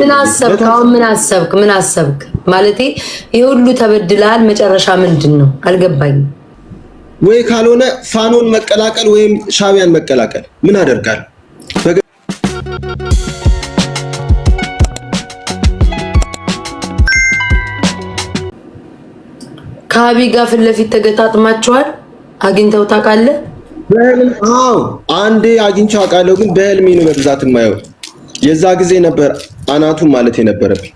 ምን አሰብክ? አሁን ምን አሰብክ? ምን አሰብክ ማለቴ ይህ ሁሉ ተበድለሃል፣ መጨረሻ ምንድን ነው አልገባኝም። ወይ ካልሆነ ፋኖን መቀላቀል ወይም ሻቢያን መቀላቀል ምን አደርጋል? ከአቢ ጋር ፊት ለፊት ተገጣጥማቸዋል። አግኝተው ታውቃለህ? በህልም አዎ፣ አንዴ አግኝቼው አውቃለሁ፣ ግን በህልሜ ነው በብዛት የማየው የዛ ጊዜ ነበር አናቱ ማለት የነበረብኝ።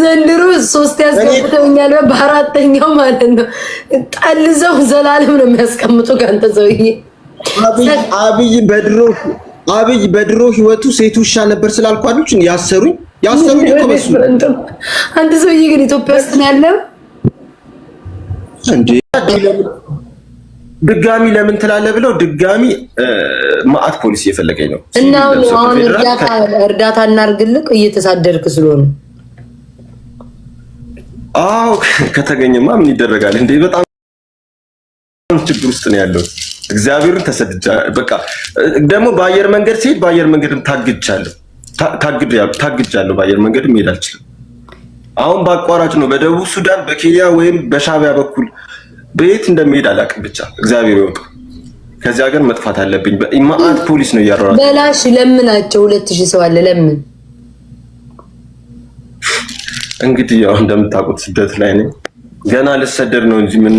ዘንድሮ ሶስት ያስቀምጠውኛል በአራተኛው ማለት ነው። ጠልዘው ዘላለም ነው የሚያስቀምጡ ከአንተ ሰውዬ አብይ በድሮ አብይ በድሮ ህይወቱ ሴት ውሻ ነበር ስላልኳችሁ ያሰሩኝ ያሰሩኝ እኮ በሱ አንድ ሰውዬ ግን ኢትዮጵያ ውስጥ ነው ያለው እንዴ ድጋሚ ለምን ትላለህ ብለው ድጋሚ ማአት ፖሊሲ እየፈለገኝ ነው። እና አሁን እርዳታ እናርግልህ እየተሳደርክ ስለሆነ። አዎ ከተገኘማ ምን ይደረጋል እንዴ በጣም ችግር ውስጥ ነው ያለው። እግዚአብሔር ተሰድጃ በቃ ደግሞ በአየር መንገድ ሲሄድ በአየር መንገድም ታግጃለሁ ታግጃለሁ። በአየር መንገድ መሄድ አልችልም። አሁን በአቋራጭ ነው በደቡብ ሱዳን፣ በኬንያ ወይም በሻቢያ በኩል በየት እንደሚሄድ አላውቅም። ብቻ እግዚአብሔር ይወቅ። ከዚህ ሀገር መጥፋት አለብኝ። በኢማአት ፖሊስ ነው እያሯራ በላሽ ለምናቸው ሁለት ሺህ ሰው አለ ለምን እንግዲህ ያው እንደምታውቁት ስደት ላይ ነኝ። ገና ልሰደድ ነው እንጂ ምን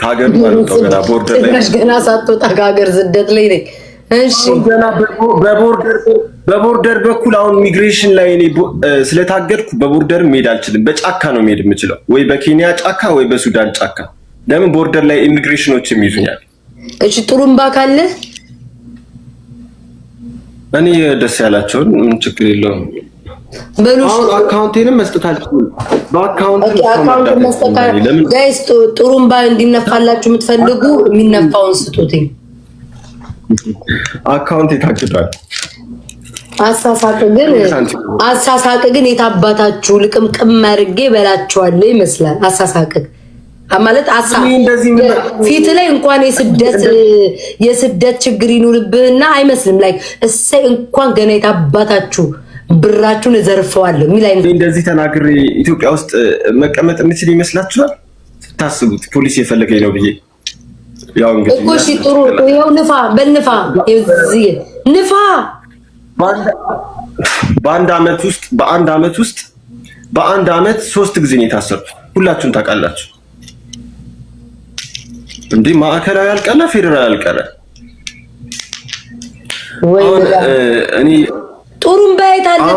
ከሀገር ማለት ነው። ገና ቦርደር ላይ ገና ሳትወጣ ከሀገር ስደት ላይ ነኝ። እሺ ገና በቦርደር በቦርደር በኩል አሁን ሚግሬሽን ላይ እኔ ስለታገድኩ በቦርደር መሄድ አልችልም። በጫካ ነው መሄድ የምችለው፣ ወይ በኬንያ ጫካ ወይ በሱዳን ጫካ። ለምን ቦርደር ላይ ኢሚግሬሽኖች ይዙኛል። እሺ ጥሩምባ ካለ እኔ ደስ ያላቸውን ምን ችግር የለውም። አሁን አካውንቴንም መስጠት አልችልም። በአካውንት ጋይስ ጥሩምባ እንዲነፋላችሁ የምትፈልጉ የሚነፋውን ስጡትኝ። አካውንት የታግዷል። አሳሳቅ ግን አሳሳቅ ግን የታባታችሁ ልቅምቅም አድርጌ በላችኋለሁ ይመስላል። አሳሳቅ ማለት ፊት ላይ እንኳን የስደት የስደት ችግር ይኑርብህና አይመስልም። ላይ እሰይ እንኳን ገና የታባታችሁ ብራችሁን እዘርፈዋለሁ የሚል አይነት እንደዚህ ተናግሬ ኢትዮጵያ ውስጥ መቀመጥ የምችል ይመስላችኋል? ስታስቡት ፖሊስ የፈለገኝ ነው ብዬ ያው እንግዲህ እኮ እሺ፣ ጥሩ ይኸው ንፋ በንፋ ንፋ በአንድ አመት ውስጥ በአንድ አመት ውስጥ በአንድ አመት ሶስት ጊዜ ነው የታሰርኩት። ሁላችሁም ታውቃላችሁ። እንዴ ማዕከላዊ ያልቀረ ፌዴራል ያልቀረ እኔ ጥሩምባ የት አለ?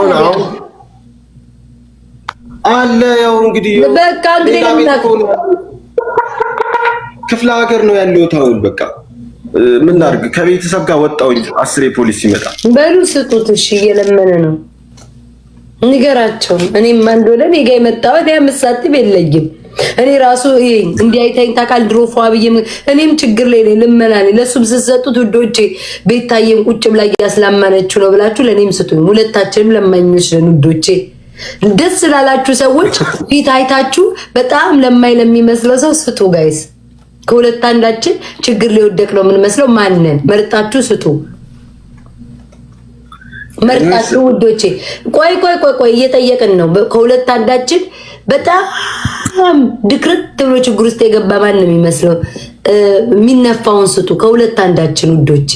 አለ ያው እንግዲህ በቃ እንግዲህ ክፍለ ሀገር ነው ያለሁት አሁን በቃ ምን ላድርግ ከቤተሰብ ጋር ወጣሁኝ። አስሬ ፖሊስ ይመጣ በሉ ስጡት። እሺ እየለመነ ነው። ንገራቸው እኔም አንድ ወደ እኔ ጋ የመጣሁት ያ መሳጥብ እኔ ራሱ ይሄ እንዲያይታኝ ታውቃል። ድሮ ፏ ብዬ እኔም ችግር ላይ ነኝ፣ ልመና ለእሱም ስትሰጡት ውዶቼ፣ ቤታዬም ቁጭ ብላ እያስላመነችው ነው ብላችሁ ለእኔም ስጡኝ። ሁለታችንም ለማኞች ነን ውዶቼ። ደስ ላላችሁ ሰዎች ፊት አይታችሁ በጣም ለማይ ለሚመስለው ሰው ስጡ ጋይስ። ከሁለት አንዳችን ችግር ሊወደቅ ነው የምንመስለው። ማንን መርጣችሁ ስጡ። መርጣችሁ ውዶቼ። ቆይ ቆይ ቆይ ቆይ እየጠየቅን ነው። ከሁለት አንዳችን በጣም በጣም ድክርት ብሎ ችግር ውስጥ የገባ ማን ነው የሚመስለው? የሚነፋውን ስጡ። ከሁለት አንዳችን ውዶቼ፣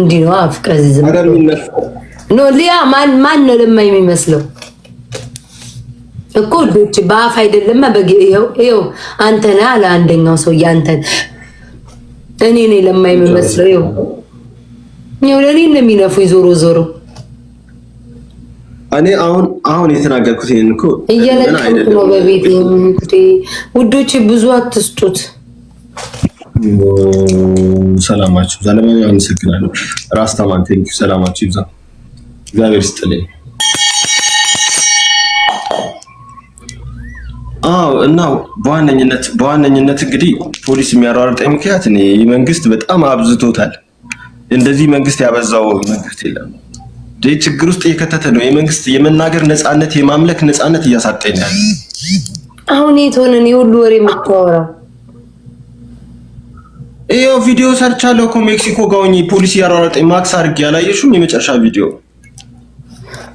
እንዲህ ነው ፍቅረ ዝም ኖ ሊያ ማን ነው ለማ የሚመስለው እኮ ውዶቼ። በአፍ አይደለማ በው አንተ ነህ አለ አንደኛው ሰው አንተን እኔ ነኝ ለማ የሚመስለው ው ለእኔ ነው የሚነፉኝ ዞሮ ዞሮ እኔ አሁን አሁን የተናገርኩት ይሄን እኮ እየለቀምኩ ነው በቤት እንግዲህ ውዶቼ ብዙ አትስጡት ሰላማችሁ ይብዛ ለማን አመሰግናለሁ ራስ ታማን ቴንክ ሰላማችሁ ይብዛ እግዚአብሔር ስጥልኝ አዎ እና በዋነኝነት በዋነኝነት እንግዲህ ፖሊስ የሚያሯርጠኝ ምክንያት እኔ መንግስት በጣም አብዝቶታል እንደዚህ መንግስት ያበዛው መንግስት የለም ችግር ውስጥ እየከተተ ነው። የመንግስት የመናገር ነፃነት፣ የማምለክ ነፃነት እያሳጠኛል። አሁን የት ሆነን የሁሉ ወሬ የምታወራ? ይኸው ቪዲዮ ሰርቻለሁ እኮ ሜክሲኮ ጋውኝ ሆኜ ፖሊሲ ያሯሯጠኝ ማክስ አድርጌ ያላየሽም የመጨረሻ ቪዲዮ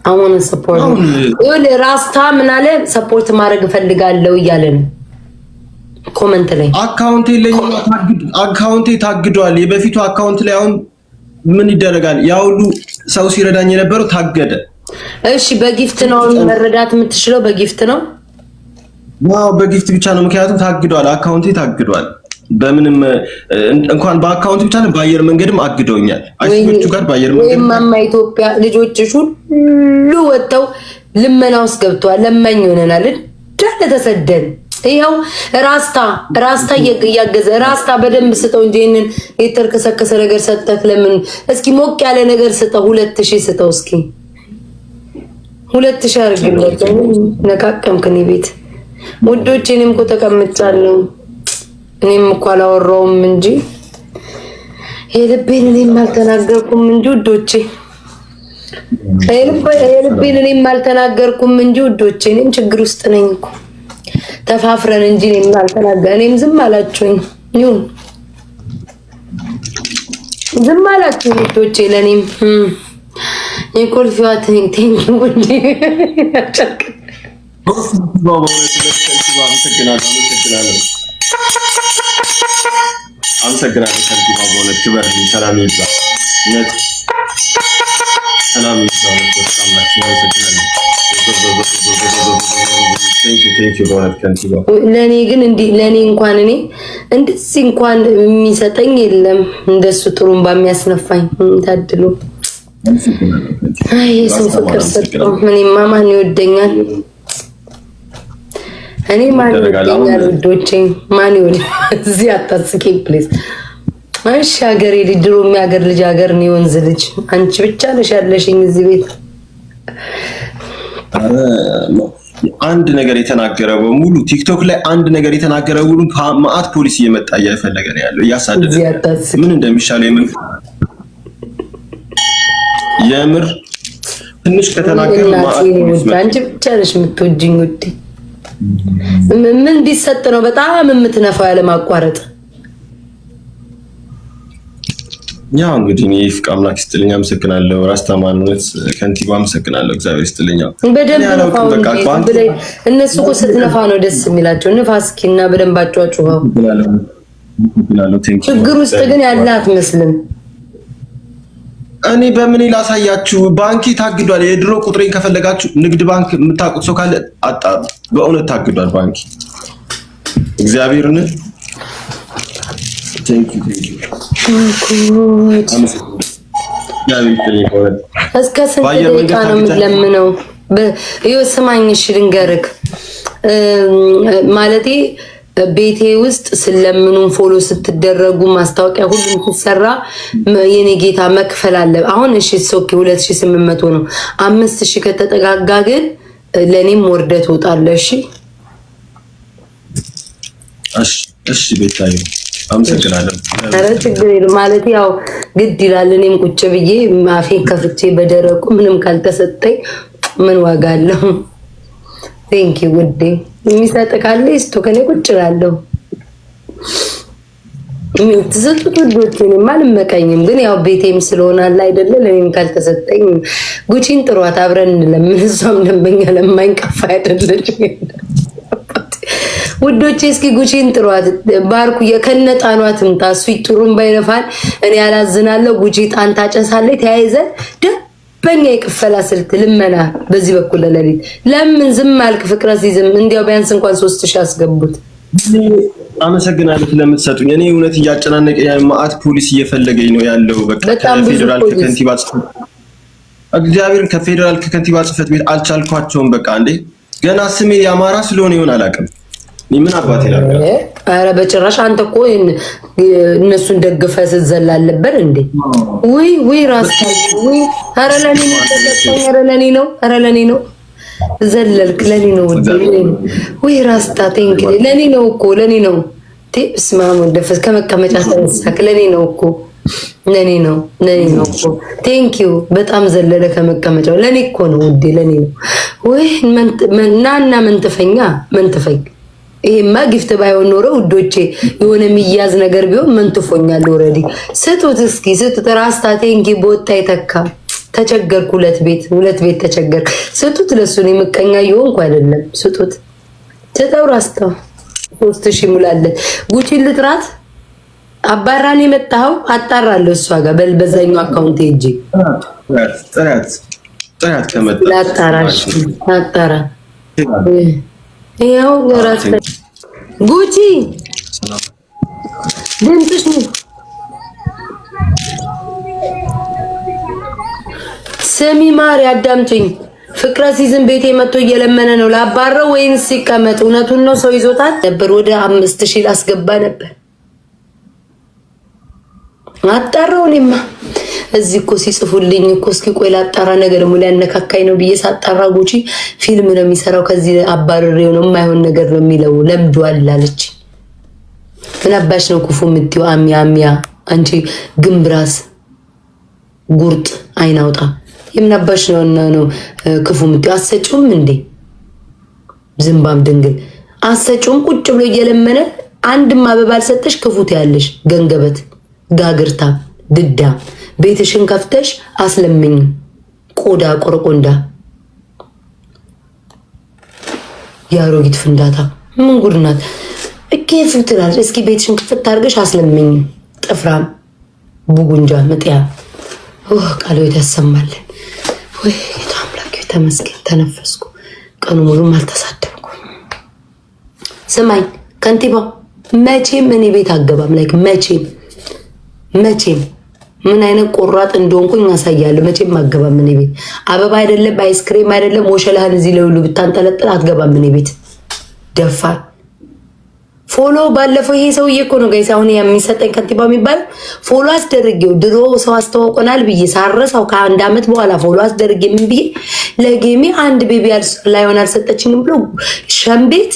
አሁን ሰፖርት ይኸውልህ፣ ራስታ ምን አለ ሰፖርት ማድረግ እፈልጋለሁ እያለ ነው ኮመንት ላይ። አካውንቴ ላይ አካውንቴ ታግዷል። የበፊቱ አካውንት ላይ አሁን ምን ይደረጋል? ያ ሁሉ ሰው ሲረዳኝ የነበረው ታገደ። እሺ፣ በጊፍት ነው መረዳት የምትችለው? በጊፍት ነው ዋው፣ በጊፍት ብቻ ነው። ምክንያቱም ታግዷል፣ አካውንቴ ታግዷል። በምንም እንኳን በአካውንት ብቻ ነው፣ በአየር መንገድም አግደውኛል። አይሱቹ ጋር በአየር መንገድ ወይም ማማ ኢትዮጵያ ልጆችሽ ሁሉ ወጥተው ልመና ውስጥ ገብተዋል። ለመኝ ሆነናል እንዳለ ተሰደን ይኸው ራስታ ራስታ እያገዘ ራስታ በደንብ ስጠው እንጂ ይህንን የተርከሰከሰ ነገር ሰጠህ ለምን? እስኪ ሞቅ ያለ ነገር ስጠው። ሁለት ሺህ ስጠው እስኪ ሁለት ሺህ አድርግለት። ነቃቀምክን ቤት ውዶች፣ እኔም እኮ ተቀምጫለሁ። እኔም እኮ አላወራውም እንጂ የልቤን እኔም አልተናገርኩም እንጂ ውዶቼ የልቤን እኔም አልተናገርኩም እንጂ ውዶቼ እኔም ችግር ውስጥ ነኝ እኮ ተፋፍረን እንጂ እኔም አልተናገ እኔም ዝም አላችሁኝ። ይሁን ዝም አላችሁኝ ውዶቼ። ለእኔም የኮልፊዋ ቴንኪ ውድ አመሰግናለሁ ከንቲባ በእውነት ሰላም ይብዛ። ሰላም ይብዛ። ለእኔ ግን ለእኔ እንኳን እኔ እንደዚህ እንኳን የሚሰጠኝ የለም። እንደሱ ጥሩምባ የሚያስነፋኝ ታድሎ የሰው ፍቅር ሰጠው። እኔማ ማን ይወደኛል? እኔ ማን ይወደኛል? ውዶቼ ማን ይወደ እዚህ አታስቂ ፕሊዝ። እሺ ሀገሬ ልጅ ድሮም የሀገር ልጅ ሀገር ነው የወንዝ ልጅ። አንቺ ብቻ ነሽ ያለሽኝ እዚህ ቤት አንድ ነገር የተናገረ በሙሉ ቲክቶክ ላይ አንድ ነገር የተናገረ ሙሉ ማአት ፖሊስ እየመጣ እያፈለገ ነው ያለው፣ እያሳደደ ምን እንደሚሻለው የምር የምር ትንሽ ከተናገረ መዓት አንቺ ብቻ ነሽ የምትወጂኝ ውዴ። ምን ቢሰጥ ነው በጣም የምትነፋው ያለማቋረጥ ያው እንግዲህ እኔ ፍቅ አምላክ ይስጥልኝ አመሰግናለሁ። ራስ ተማንነት ከንቲባ አመሰግናለሁ። እግዚአብሔር ይስጥልኝ። እነሱ እኮ ስትነፋ ነው ደስ የሚላቸው። ንፋ እስኪ እና በደንብ አጫጭው። ችግር ውስጥ ግን ያለ አትመስልም። እኔ በምን ላሳያችሁ? ባንኬ ታግዷል። የድሮ ቁጥሬን ከፈለጋችሁ ንግድ ባንክ የምታውቁት ሰው ካለ አጣሩ። በእውነት ታግዷል ባንኬ እግዚአብሔርን እስከ ስንት ደቂቃ ነው ስማኝ እሺ ልንገርህ፣ ማለቴ ቤቴ ውስጥ ስለምኑን ፎሎ ስትደረጉ ማስታወቂያ ሁሉም ሲሰራ የኔ ጌታ መክፈል አለ። አሁን እሺ ሶኪ ሁለት ሺ ስምንት መቶ ነው። አምስት ሺ ከተጠጋጋ ግን ለእኔም ወርደት ወጣለ። እሺ እሺ ቤታዬ አመሰግናለሁ። ኧረ ችግር የለም ማለት ያው ግድ ይላል። እኔም ቁጭ ብዬ ማፌን ከፍቼ በደረቁ ምንም ካልተሰጠኝ ምን ዋጋ አለው? ቴንኪ ውዴ። የሚሰጥ ካለ ይስጡ፣ ከኔ ቁጭ እላለሁ። ትሰጡት ውዶች፣ እኔም አልመቀኝም። ግን ያው ቤቴም አለ አይደለ ለእኔም ካልተሰጠኝ ጉቺን ጥሯት፣ አብረን እንለምን። እሷም ደንበኛ ለማኝ ቀፋ አይደለች ውዶቼ እስኪ ጉቺን ጥሯት፣ ባርኩ የከነ ጣኗት ምታ። እሱ ጥሩም ባይረፋል። እኔ ያላዝናለሁ። ጉቺ ጣን ታጨሳለች። ተያይዘን ደበኛ የቅፈላ ስልት ልመና በዚህ በኩል ለሌሊት ለምን ዝም አልክ? ፍቅረ ሲዝም እንዲያው ቢያንስ እንኳን ሶስት ሺህ አስገቡት። አመሰግናለሁ ለምትሰጡኝ። እኔ እውነት እያጨናነቀ ማአት ፖሊስ እየፈለገኝ ነው ያለው። በቃ ከፌዴራል ከከንቲባ እግዚአብሔርን ከፌዴራል ከከንቲባ ጽሕፈት ቤት አልቻልኳቸውም። በቃ እንዴ ገና ስሜ የአማራ ስለሆነ ይሆን አላውቅም ምን አባት ኧረ በጭራሽ አንተ እኮ እነሱን ደግፈ ስትዘላለበት እንዴ! ውይ ውይ፣ ራስ ውይ! ኧረ ለኔ ነው፣ ኧረ ለኔ ነው፣ ኧረ ለኔ ነው ዘለልክ። ለኔ ነው ውይ፣ ራስ ጣቴ ለኔ ነው እኮ ለኔ ነው። ስማ ደፈስ ከመቀመጫ ተነሳክ። ለኔ ነው እኮ ለኔ ነው ለኔ ነው እኮ ቴንክ ዩ በጣም ዘለለ ከመቀመጫው። ለኔ እኮ ነው ውዴ፣ ለኔ ነው። ውይ መንና እና መንጥፈኛ ይሄማ ግፍት ባይሆን ኖሮ ውዶቼ የሆነ የሚያዝ ነገር ቢሆን ምን ትፎኛል? ኦልሬዲ ስጡት፣ እስኪ ስጡት። ራስታ ቴንኪ በወጣ ይተካ ተቸገርኩ። ሁለት ቤት ሁለት ቤት ተቸገርኩ። ስጡት፣ ለሱ ነው የምቀኛ የሆንኩ አይደለም። ስጡት፣ ስጠው። ራስታ ሶስት ሺህ ሙላለት። ጉቺን ልጥራት አባራን የመጣኸው አጣራለሁ እሷ ጋር በዛኛው አካውንት ሄጄ ጥራት ጥራት ከመጣ ላጣራሽ አጣራ ይኸው ወራት ጉቺ ድምፅሽ ነው። ስሚ ማር ያዳምጪኝ። ፍቅረ ሲዝም ቤቴ መጥቶ እየለመነ ነው። ላባረው ወይንስ ሲቀመጥ? እውነቱን ነው። ሰው ይዞታል ነበር። ወደ አምስት ሺህ ላስገባ ነበር አጣራው እኔማ እዚህ እኮ ሲጽፉልኝ እኮ እስኪ ቆይ ላጣራ ነገር ደግሞ ሊያነካካኝ ነው ብዬ ሳጣራ ጉቺ ፊልም ነው የሚሰራው ከዚህ አባርሬው ነው የማይሆን ነገር ነው የሚለው ለምዷል አለች። ምን አባሽ ነው ክፉ የምትይው? አሚያ አሚያ አንቺ ግንብራስ ጉርጥ አይናውጣ አባሽ ነው ነው ክፉ የምትይው? አሰጪውም እንዴ ዝምባም ድንግል አሰጪውም ቁጭ ብሎ እየለመነ አንድም አበባ አልሰጠሽ ክፉት ያለሽ ገንገበት ጋግርታ ድዳ ቤትሽን ከፍተሽ አስለምኝ ቆዳ ቆርቆንዳ የአሮጊት ፍንዳታ ምን ጉድ ናት? እኬፍ ትላለች። እስኪ ቤትሽን ክፍት አድርገሽ አስለምኝ። ጥፍራም ቡጉንጃ መጥያ ቃለ ሕይወት ያሰማልን። ወይ አምላክ ተመስገን ተነፈስኩ። ቀኑ ሙሉም አልተሳደብኩ። ስማኝ ከንቲባ፣ መቼም እኔ ቤት አገባም ላይክ መቼም መቼም ምን አይነት ቆራጥ እንደሆንኩኝ አሳያለሁ። መቼም አገባም እኔ ቤት አበባ አይደለም አይስክሬም አይደለም ወሸላህን እዚህ ለሁሉ ብታንጠለጥል አትገባም እኔ ቤት ደፋ ፎሎ ባለፈው ይሄ ሰውዬ እኮ ነው ጋይስ፣ አሁን የሚሰጠኝ ከንቲባ የሚባለው ፎሎ አስደርጌው ድሮ ሰው አስተዋውቀናል ብዬ ሳረሳው ከአንድ አመት በኋላ ፎሎ አስደርጌ ምን ብዬ ለጌሜ አንድ ቤቢ ላይሆን አልሰጠችኝም ብሎ ሸምቤት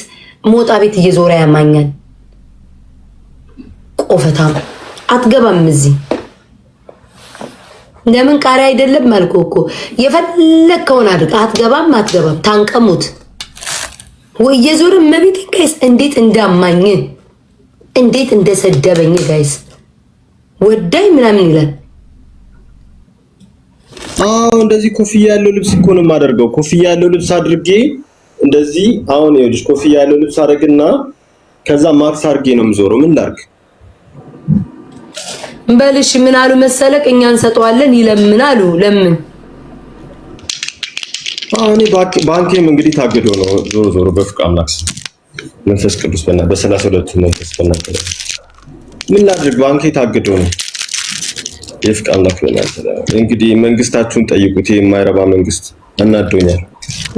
ሞጣ ቤት እየዞረ ያማኛል። ቆፈታ አትገባም እዚህ ለምን ቃሪ አይደለም አልኩ እኮ የፈለግከውን አድርግ። አትገባም አትገባም ታንቀሙት ወይ የዞር መቤት ጋይስ፣ እንዴት እንዳማኝ እንዴት እንደሰደበኝ ጋይስ፣ ወዳይ ምናምን ይላል። አዎ እንደዚህ ኮፍያ ያለው ልብስ እኮ ነው የማደርገው። ኮፍያ ያለው ልብስ አድርጌ እንደዚህ አሁን ይኸውልሽ፣ ኮፍያ ያለው ልብስ አደርግና ከዛ ማክስ አድርጌ ነው የምዞረው። ምን ላድርግ በልሽ ምን አሉ መሰለቅ እኛ እንሰጠዋለን ይለምን አሉ። ለምን እኔ ባንኬም እንግዲህ ታግዶ ነው። ዞሮ ዞሮ በፍቅ አምላክ መንፈስ ቅዱስ በና በሰላሳ ሁለቱ መንፈስ በና ምን ላድርግ፣ ባንኬ ታግዶ ነው። የፍቅ አምላክ በእናንተ እንግዲህ መንግስታችሁን ጠይቁት። የማይረባ መንግስት አናዶኛል።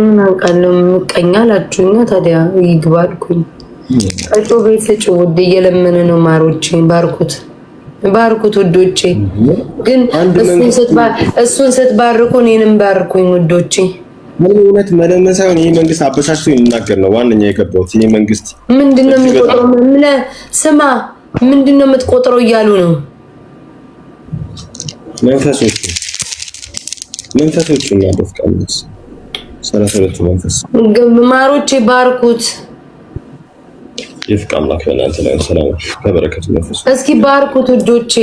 ምን አውቃለሁ። ምቀኛ ላችሁኛ ታዲያ ይግባልኩኝ። ቀጮ ቤት ስጭ ውድ እየለመነ ነው። ማሮችን ባርኩት። ባርኩት ውዶቼ። ግን እሱን ስትባርኩ እኔንም ባርኩኝ ውዶቼ። ምን እውነት መደመን ሳይሆን ይህ መንግስት አበሳሽቶ የሚናገር ነው። ዋነኛ የገባሁት ይህ መንግስት ምንድነው የምትቆጥረው? ስማ ምንድነው የምትቆጥረው እያሉ ነው መንፈሶቹ መንፈሶቹ እና ደፍቃሉት ሰላሳ ሁለቱ መንፈስ ማሮቼ ባርኩት ይፍቅ አምላክ በእናንተ ላይ ሰላም ከበረከቱ መንፈስ እስኪ ባርኩት እጆቼ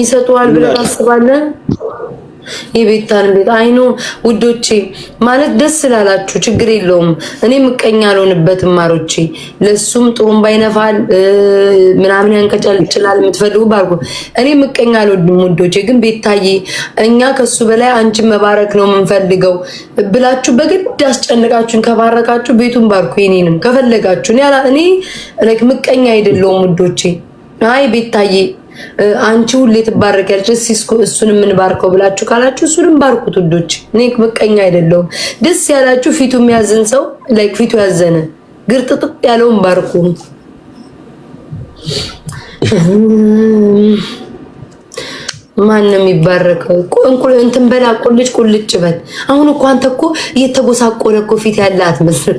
ይሰጡዋል ብለን አስባለን። የቤታን ቤት አይኖ ውዶቼ ማለት ደስ ስላላችሁ ችግር የለውም። እኔ ምቀኛ አልሆንበትም። ማሮቼ ለሱም ጥሩምባ ይነፋል ምናምን ያንቀጫል ይችላል የምትፈልጉ ባርጉ። እኔ ምቀኛ አልወድም ውዶቼ። ግን ቤታዬ እኛ ከሱ በላይ አንቺን መባረክ ነው የምንፈልገው ብላችሁ በግድ አስጨንቃችሁን ከባረካችሁ ቤቱን ባርኩ። የኔንም ከፈለጋችሁ እኔ ምቀኛ አይደለውም ውዶቼ። አይ ቤታዬ አንቺ ሁሌ ትባረኪያለሽ፣ እሱን የምንባርከው ብላችሁ ካላችሁ እሱንም ባርኩት ውዶች። እኔ ምቀኛ አይደለሁም። ደስ ያላችሁ ፊቱ የሚያዝን ሰው ላይክ ፊቱ ያዘነ ግርጥጥጥ ያለውን ባርኩ። ማን ነው የሚባረከው? እንትን በላ ቁልጭ ቁልጭ በል። አሁን እኮ አንተ እኮ እየተጎሳቆለ እኮ ፊት ያለ አትመስል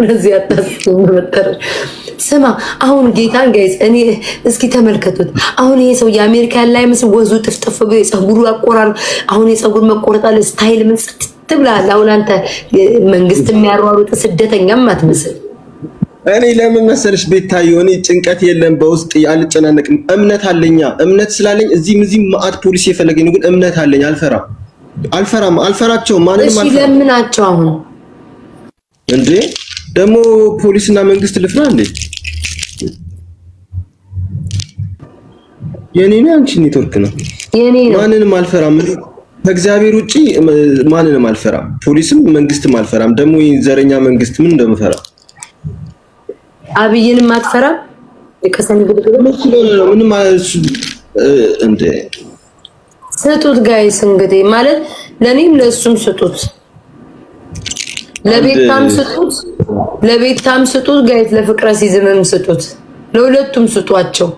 ወደዚህ አታስቡ በመጠረሽ። ስማ አሁን ጌታን ጋይዝ እኔ እስኪ ተመልከቱት። አሁን ይሄ ሰው የአሜሪካ ያለ አይመስል ወዙ ጥፍጥፍ ብሎ የፀጉሩ አቆራር አሁን የፀጉር መቆረጣል ስታይል ምን ጽድት ብላል። አሁን አንተ መንግስት የሚያሯሩጥ ስደተኛም አትመስል። እኔ ለምን መሰለሽ ቤታዮ፣ እኔ ጭንቀት የለም በውስጥ አልጨናነቅም። እምነት አለኛ እምነት ስላለኝ እዚህም እዚህም ማአት ፖሊስ የፈለገኝ ነው፣ ግን እምነት አለኝ። አልፈራም፣ አልፈራም፣ አልፈራቸው ማንንም አልፈራም። እሺ ለምናቸው አሁን እንዴ ደግሞ ፖሊስና መንግስት ልፍራ እንዴ? የኔ ነው አንቺ ኔትወርክ ነው። የኔ ነው። ማንንም አልፈራም ከእግዚአብሔር ውጪ ማንንም አልፈራም። ፖሊስም መንግስትም አልፈራም። ደግሞ ዘረኛ መንግስት ምን እንደምፈራ አብይንም አትፈራም። ከሰሚ ምንም እንደ ስጡት ጋይስ እንግዲህ ማለት ለኔም ለሱም ስጡት፣ ለቤታም ስጡት ለቤታም ስጡት ጋይት፣ ለፍቅረ ሲዝምም ስጡት፣ ለሁለቱም ስጧቸው።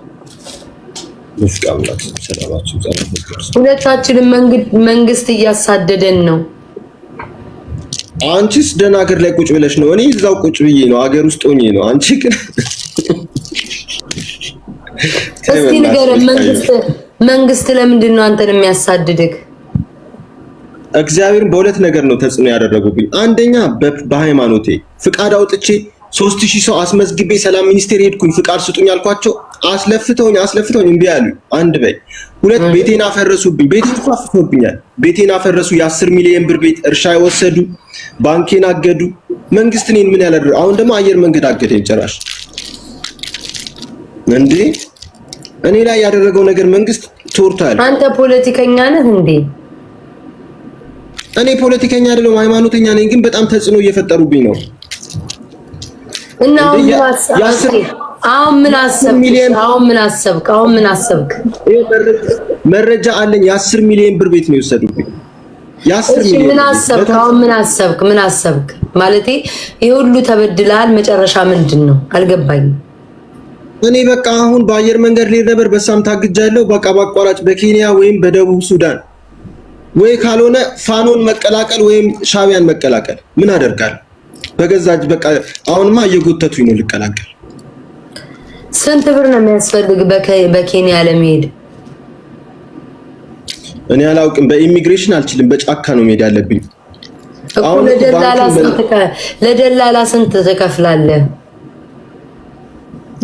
ሁለታችንም መንግስት እያሳደደን ነው። አንቺስ ደህና ሀገር ላይ ቁጭ ብለሽ ነው። እኔ እዛው ቁጭ ብዬ ነው፣ ሀገር ውስጥ ሆኜ ነው። አንቺ ግን እስኪ ንገረን፣ መንግስት ለምንድን ነው አንተን የሚያሳድድግ? እግዚአብሔርን በሁለት ነገር ነው ተጽዕኖ ያደረጉብኝ። አንደኛ በሃይማኖቴ ፍቃድ አውጥቼ ሶስት ሺህ ሰው አስመዝግቤ ሰላም ሚኒስቴር ሄድኩኝ። ፍቃድ ስጡኝ አልኳቸው። አስለፍተውኝ አስለፍተውኝ እምቢ አሉኝ። አንድ በይ ሁለት ቤቴን አፈረሱብኝ። ቤቴ ተፋፍሶብኛል። ቤቴን አፈረሱ። የአስር ሚሊዮን ብር ቤት እርሻ የወሰዱ ባንኬን አገዱ። መንግስት እኔን ምን ያላደረ አሁን ደግሞ አየር መንገድ አገደኝ። ጭራሽ እንዴ እኔ ላይ ያደረገው ነገር መንግስት ቶርታል። አንተ ፖለቲከኛ ነህ እንዴ? እኔ ፖለቲከኛ አይደለም ሃይማኖተኛ ነኝ፣ ግን በጣም ተጽዕኖ እየፈጠሩብኝ ነው። እና አሁን ምን አሰብክ? አሁን ምን አሰብክ? አሁን ምን አሰብክ? መረጃ አለኝ። የአስር ሚሊዮን ብር ቤት ነው የወሰዱብኝ። የአስር ሚሊዮን ምን አሰብክ? አሁን ምን አሰብክ? ምን አሰብክ ማለቴ ይሄ ሁሉ ተበድለሃል፣ መጨረሻ ምንድን ነው አልገባኝም። እኔ በቃ አሁን በአየር መንገድ ልሄድ ነበር፣ በሳም ታግጃለሁ። በቃ በአቋራጭ በኬንያ ወይም በደቡብ ሱዳን ወይ ካልሆነ ፋኖን መቀላቀል ወይም ሻቢያን መቀላቀል። ምን አደርጋል? በገዛ እጅ በቃ አሁንማ እየጎተቱኝ ነው ልቀላቀል። ስንት ብር ነው የሚያስፈልግ በኬንያ ለመሄድ? እኔ አላውቅም። በኢሚግሬሽን አልችልም። በጫካ ነው መሄድ ያለብኝ። ለደላላ ስንት ትከፍላለህ?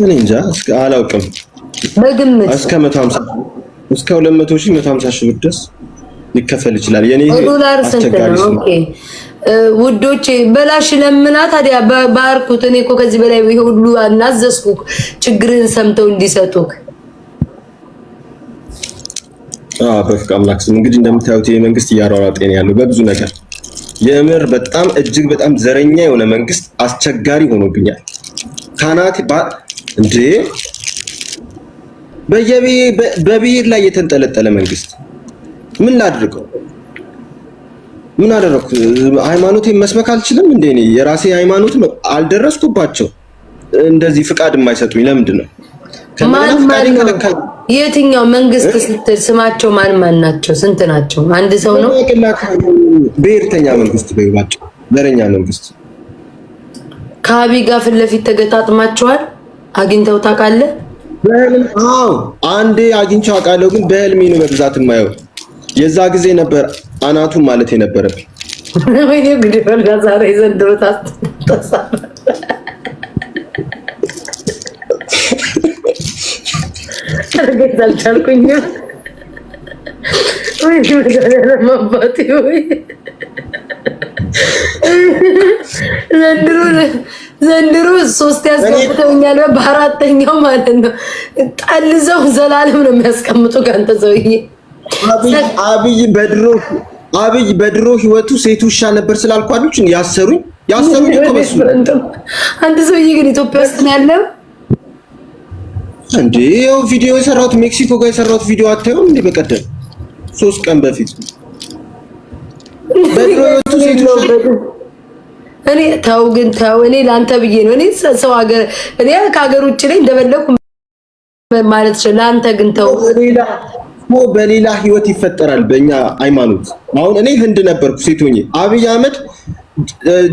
እኔ እንጃ አላውቅም። በግምት እስከ 150 እስከ 250 ሺህ ሺህ ብር ድረስ ሊከፈል ይችላል። የኔ ዶላር ስንት ነው? ኦኬ ውዶቼ በላሽ ለምና ታዲያ ባርኩት። እኔ እኮ ከዚህ በላይ ይሄ ሁሉ አናዘዝኩ ችግርን ሰምተው እንዲሰጡክ። አዎ በፍቅ አምላክ ስም እንግዲህ እንደምታዩት ይሄ መንግስት እያሯሯጠን ያለው በብዙ ነገር የምር በጣም እጅግ በጣም ዘረኛ የሆነ መንግስት አስቸጋሪ ሆኖብኛል። ካናት እንዴ በየብሔር በብሔር ላይ የተንጠለጠለ መንግስት ምን ላድርገው? ምን አደረኩ? ሃይማኖቴን መስበክ አልችልም እንዴ? እኔ የራሴ ሃይማኖት ነው። አልደረስኩባቸው። እንደዚህ ፍቃድ የማይሰጡኝ ለምንድን ነው? የትኛው መንግስት ስትል ስማቸው ማን ማን ናቸው? ስንት ናቸው? አንድ ሰው ነው? ብሔርተኛ መንግስት በይባቸው፣ ዘረኛ መንግስት። ከአብይ ጋር ፊት ለፊት ተገጣጥማቸዋል። አግኝተው ታውቃለህ? አዎ አንዴ አግኝቼው አውቃለሁ፣ ግን በህልሜ ነው በብዛት የማየው የዛ ጊዜ ነበር አናቱ ማለት የነበረብኝ። ወይኔ ጉድ ዛሬ ዘንድሮ ዘንድሮ ሶስት ያስቀምጠውኛል በአራተኛው ማለት ነው። ጠልዘው ዘላለም ነው የሚያስቀምጡ ከአንተ ሰውዬ አብይ በድሮ አብይ በድሮ ህይወቱ ሴት ውሻ ነበር ስላልኳችሁ ያሰሩኝ ያሰሩኝ እኮ በሱ። አንተ ሰውዬ ግን ኢትዮጵያ ውስጥ ነው ያለው እንዴ? ይኸው ቪዲዮ የሰራሁት ሜክሲኮ ጋር የሰራሁት ቪዲዮ አታዩም እንዴ? በቀደም ሶስት ቀን በፊት በድሮ ህይወቱ ሴት ውሻ እኔ ተው ግን ተው። እኔ ላንተ ብዬ ነው። እኔ ሰው ሀገር እኔ ከሀገር ውጭ ላይ እንደበለኩ ማለት ይችላል። ለአንተ ግን ተው ደግሞ በሌላ ህይወት ይፈጠራል። በእኛ ሃይማኖት አሁን እኔ ህንድ ነበርኩ ሴት ሆኜ አብይ አህመድ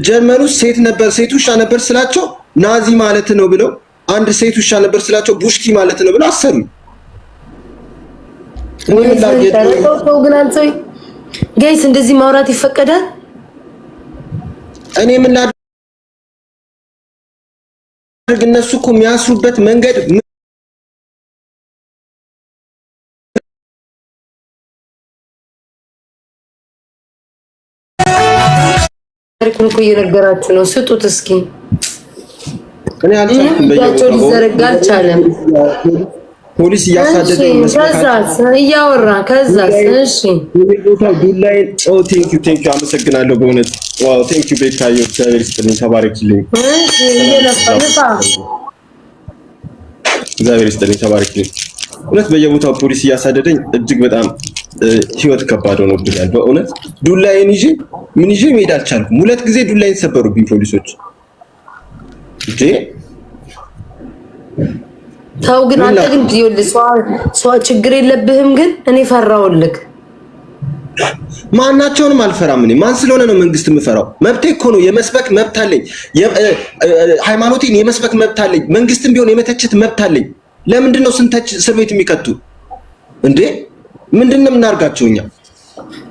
ጀርመኑ ሴት ነበር ሴት ውሻ ነበር ስላቸው ናዚ ማለት ነው ብለው አንድ ሴት ውሻ ነበር ስላቸው ቡሽኪ ማለት ነው ብለው አሰሩ። ጋይስ እንደዚህ ማውራት ይፈቀዳል? እኔ ምን ላድርግ? እነሱ እኮ የሚያስሩበት መንገድ ታሪኩን እኮ እየነገራችሁ ነው። ስጡት እስኪ። እኔ እጃቸው ሊዘረጋ አልቻለም። ፖሊስ እያሳደደ እያወራ ከዛ እሺ፣ ዱላይን ቴንክ ዩ ቴንክ ዩ አመሰግናለሁ። በእውነት ዋው ቴንክ ዩ ቤታዮ፣ እግዚአብሔር ይስጥልኝ፣ ተባረክልኝ፣ እግዚአብሔር ይስጥልኝ፣ ተባረክልኝ። እውነት በየቦታው ፖሊስ እያሳደደኝ እጅግ በጣም ህይወት ከባድ ሆኖብኛል በእውነት ዱላዬን ይዤ ምን ይዤ መሄድ አልቻልኩም። ሁለት ጊዜ ዱላዬን ሰበሩብኝ ፖሊሶች። ተው ግን አንተ ግን ችግር የለብህም ግን እኔ ፈራውልክ። ማናቸውንም አልፈራም። እኔ ማን ስለሆነ ነው መንግስት የምፈራው? መብቴ እኮ ነው። የመስበክ መብት አለኝ። ሃይማኖቴን የመስበክ መብት አለኝ። መንግስትም ቢሆን የመተቸት መብት አለኝ። ለምንድን ነው ስንተች እስር ቤት የሚከቱ እንዴ? ምንድን ነው የምናርጋቸው እኛ?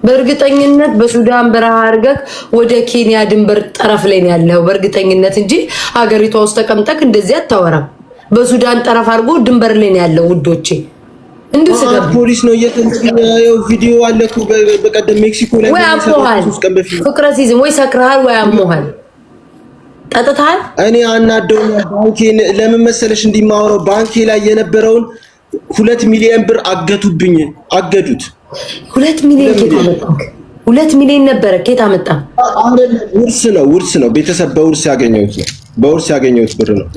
በእርግጠኝነት በሱዳን በረሃ አድርገህ ወደ ኬንያ ድንበር ጠረፍ ላይ ያለው በእርግጠኝነት እንጂ ሀገሪቷ ውስጥ ተቀምጠክ እንደዚህ አታወራም። በሱዳን ጠረፍ አድርጎ ድንበር ላይ ያለው ውዶቼ። እንዴት ስለገብ ፖሊስ ነው እየተንጠየው ቪዲዮ አለ እኮ በቀደም ሜክሲኮ ላይ ወይ አሞሃል፣ ፍቅረ ሲዝም ወይ ሰክረሃል ወይ አሞሃል ጠጥተሃል። እኔ አናደው ባንኬ ለምን መሰለሽ እንዲህ የማወራው ባንኬ ላይ የነበረውን ሁለት ሚሊዮን ብር አገቱብኝ፣ አገዱት። ሁለት ሚሊዮን ኬት አመጣ? ሁለት ሚሊዮን ነበረ ኬት አመጣ? ውርስ ነው፣ ውርስ ነው። ቤተሰብ በውርስ ያገኘሁት ነው፣ በውርስ ያገኘሁት ብር ነው።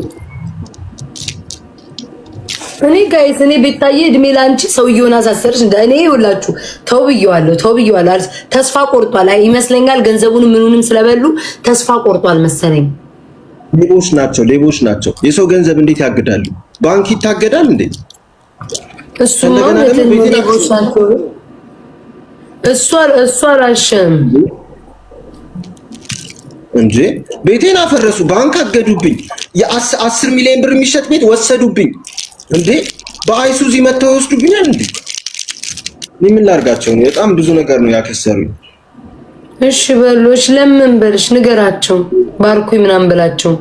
እኔ ጋይስ እኔ ቤታዬ እድሜ ለአንቺ ሰውየውን አሳሰርሽ። እንደ እኔ ይኸውላችሁ ተው ብየዋለሁ፣ ተው ብየዋለሁ። ተስፋ ቆርጧል ይመስለኛል። ገንዘቡን ምኑንም ስለበሉ ተስፋ ቆርጧል መሰለኝ። ሌቦች ናቸው፣ ሌቦች ናቸው። የሰው ገንዘብ እንዴት ያግዳሉ? ባንክ ይታገዳል እንዴ? እሷ አላሸም እንጂ ቤቴን አፈረሱ፣ ባንክ አገዱብኝ፣ የአስር ሚሊዮን ብር የሚሸጥ ቤት ወሰዱብኝ። እንዴ በአይሱዚ መተው ይወስዱብኛል። እንዴ ምን ላድርጋቸው ነው? በጣም ብዙ ነገር ነው ያከሰሩኝ። እሺ በሎች ለምን በልሽ ንገራቸው፣ ባርኩኝ ምናምን ብላቸው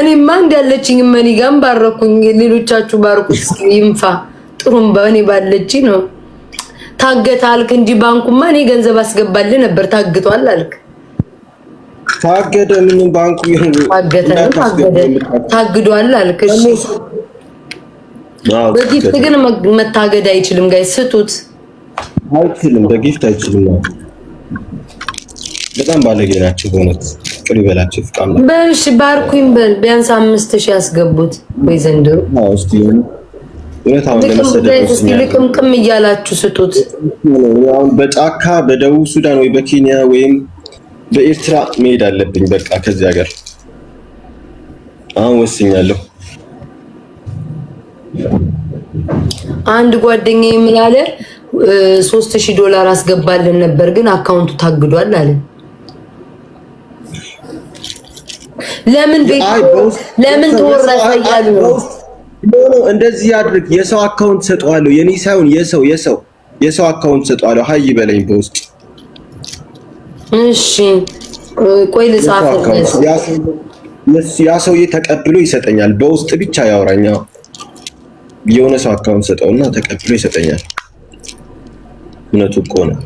እኔማ ያለችኝ መኒ ጋም ባረኩኝ። ሌሎቻችሁ ባርኩ ይንፋ ጥሩም በእኔ ባለች ነው። ታገታ አልክ እንጂ ባንኩማ እኔ ገንዘብ አስገባልህ ነበር። ታግቷል አልክ። ታገደ ምን ባንኩ ታገተ ታግዷል አልክ። በጊፍት ግን መታገድ አይችልም። ጋይ ስጡት አይችልም። በጊፍት አይችልም። በጣም ባለጌ ናቸው በእውነት ፍቅር ይበላቸው ይፍቃሉ። በሽ ባርኩኝ በል ቢያንስ አምስት ሺህ ያስገቡት ወይ ዘንድሮ ልቅምቅም እያላችሁ ስጡት። በጫካ በደቡብ ሱዳን ወይ በኬንያ ወይም በኤርትራ መሄድ አለብኝ። በቃ ከዚህ ሀገር አሁን ወስኛለሁ። አንድ ጓደኛ ምን አለ፣ ሶስት ሺህ ዶላር አስገባልን ነበር ግን አካውንቱ ታግዷል አለ። ለምን ቤት ለምን ተወረሰ እያሉ እንደዚህ ያድርግ። የሰው አካውንት ሰጠዋለሁ፣ የኔ ሳይሆን የሰው የሰው የሰው አካውንት ሰጠዋለሁ። ሀይ በለኝ በውስጥ እሺ። ቆይ ልጻፍልህ። ያ ሰውዬ ተቀብሎ ይሰጠኛል። በውስጥ ብቻ ያወራኛ። የሆነ ሰው አካውንት ሰጠውና ተቀብሎ ይሰጠኛል። እውነቱ እኮ ነው።